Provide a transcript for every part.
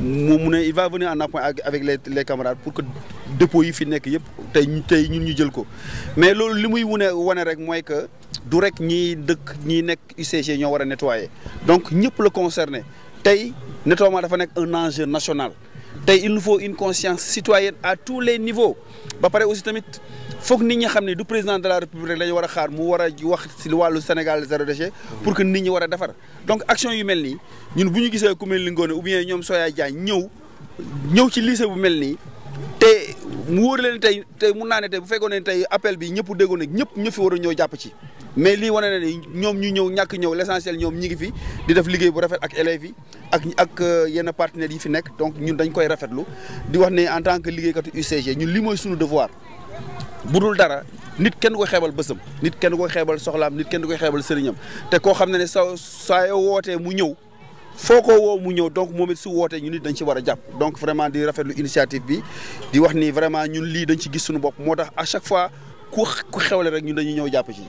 il va venir en appoint avec les, les, camarades pour que dépôt yi fi nek yep tay tay ñun ñu jël ko mais lolu limuy wone wone rek moy que du rek ñi dëkk ñi nek UCG ñoo wara nettoyer donc ñëpp le concerné tay nettoyement dafa nek un enjeu national tey il nous faut une conscience citoyenne à tous les niveaux ba pare aussi tamit foog nit ñi xam ne du président de la république rek la ñu war a xaar mu war a wax si wàllu Sénégal zéro déchet pour que nit ñi war a donc action yu mel nii ñun bu ñu gisee ku mel ni ou bien ñoom Soya Diagne ñëw ñëw ci lycée bu mel nii mu wóor leen tey tey mun naa ne tey bu fekkoon ne tey appel bi ñëpp déggoon na ñëpp ñu fi war a ñëw jàpp ci mais lii wane na ne ñoom ñu ñëw ñàkk ñëw l'essentiel ñoom ñi fi di def liggéey bu rafet ak élèves yi ak ak euh, yenn partenaires yi fi nekk donc ñun dañ koy rafetlu di wax ne en tant que liggéeykatu UCG ñu li mooy suñu devoir bu dul dara nit kenn ko xeebal bësam nit kenn ko xeebal soxlaam nit kenn ko xeebal sëriñam te koo xam ne ne sa saa wootee mu ñëw foo ko mu ñëw donc momit su wootee ñu nit dañ ci war a donc vraiment di rafetlu initiative bi di wax ni vraiment ñun li dañ ci gis suñu bop motax tax à chaque fois ku ku xewle rek ñun dañuy ñëw japp ci.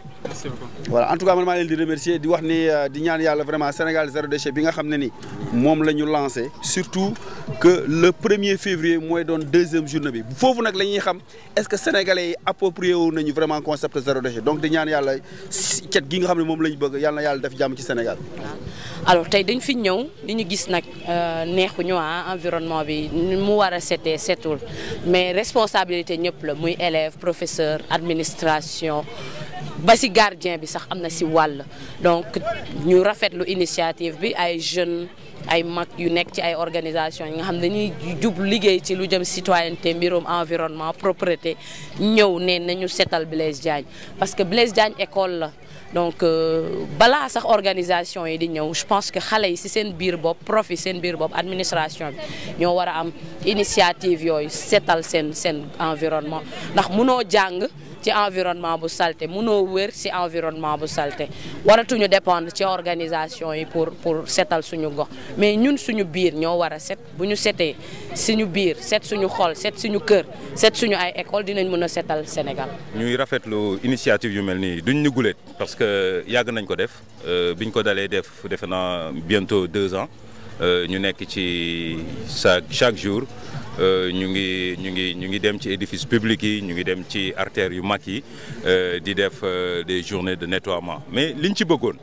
voilà en tout cas man maa leen di remercier di wax ni euh, di ñaan yalla vraiment Sénégal zéro déchet bi nga xamné ni mom lañu lancer surtout que le 1er février mooy doon deuxième journée bi fofu nak lañuy xam est-ce que sénégalais yi approprié wu nañu vraiment concept zéro déchet donc di ñaan yalla cet gi nga xamné mom moom bëgg yalla na yalla def jamm ci Sénégal alors tay dañ fi li ñu gis euh, ah, environnement bi mu mais responsabilité ñëpp la muy élève professeur administration ba gardien bi sax donc ñu initiative bi jeunes ay mag yu nekk ci ay organisation yi nga xam dañuy jub liggéey ci lu jëm citoyenneté mbirum environnement propreté ñëw ne nañu setal Blaise Diagne parce que Blaise Diagne école la donc euh, bala sax organisation yi di ñëw je pense que xalé yi ci seen biir prof yi seen biir bop administration bi ñoo wara am initiative yooyu setal seen seen environnement ndax munoo jàng ci environnement bu salté mënoo wër ci environnement bu salte waratuñu dépendre ci organisation yi pour pour sétal suñu gox mais ñun suñu biir ño wara sét buñu sété suñu biir sét suñu xol sét suñu kër sét suñu ay école dinañ mëna sétal Sénégal. ñuy rafetlu initiative yu melni nii duñ ñu guleet parce que yag nañ ko def euh biñ ko dalé def defe na bientôt 2 ans euh ñu nekk ci chaque jour. Nous euh, ngi ñu ngi édifices publics yi ñu ngi artères yu euh, euh, des journées de nettoiement mais ce ci est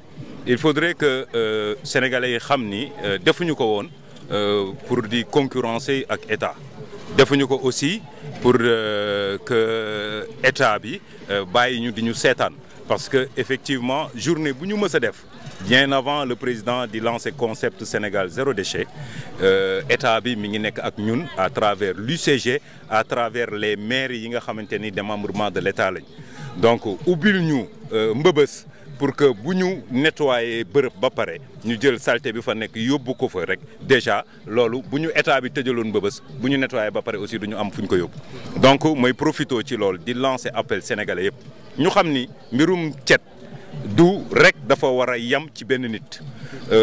il faudrait que sénégalais sachent que nous defuñu ko pour di concurrencer ak l'État defuñu ko aussi pour euh, que l'État bi euh, bàyyi ñu di parce que effectivement journée bu nous avons bien avant le président di lancer concept Sénégal zéro déchet l'État euh, bi mi ngi à travers l'UCG à travers les maires yi nga xamante ni démembrement de l'état donc nous ñu mbëbës pour que si nous les le nous avons saleté qui est là, nous déjà lolu si nous l'état de de l'eau, nous nettoyer aussi nous aussi. Donc, je profite de ça pour lancer l'appel sénégalais. Nous savons que le mirum tchèque n'est pas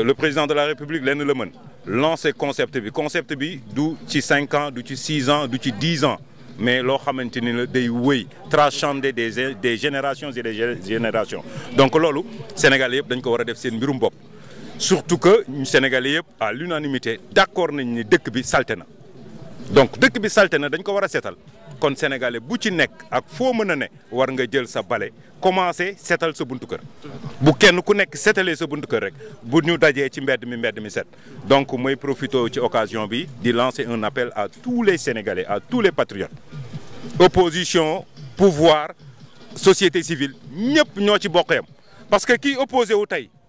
Le président de la République, Len Le a lancé le concept. Le concept de 5 ans, 6 ans, 10 ans mais lo xamanteni la day transcender des des générations et des générations donc lolu Sénégalais, yépp dañ ko wara def seen mbirum bop surtout que Sénégalais yépp à l'unanimité d'accord nañ ni dëkk bi donc dëkk bi salte na dañ ko war a seetal kon sénégalais bu ci nekk ak foo mën a ne war nga jël sa bale commencé seetal sa buntu kër bu kenn ku nekk seetalee sa buntu kër rek bu ñu là, ci mbedd mi mbedd mi set donc mooy profité ci occasion bi di lancer un appel à tous les sénégalais à tous les patriotes opposition pouvoir société civile ñëpp ñoo ci bokk là. parce que est opposé wu tey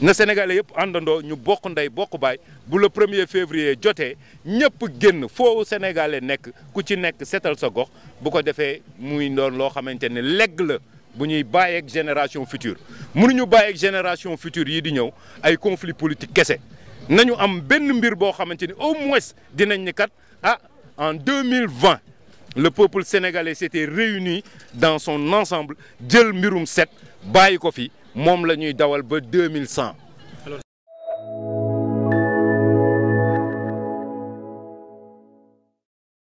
na sénégalais yëpp àndandoo ñu bokk ndey bokk baay bu le er février jotee ñëpp génn foo sénégalais nekk ku ci nekk sétal sa gox bu ko défé muy doon lo xamanténi ne legg la bu ñuy ak génération future baye ak génération future yi di ñëw ay conflit politique kessé nañu am benn mbir bo xamanténi au moins dinañ ni kat ah en 2020 le peuple sénégalais s'était réuni dans son ensemble jël mbirum set baye ko fi mom la nuit ba 2100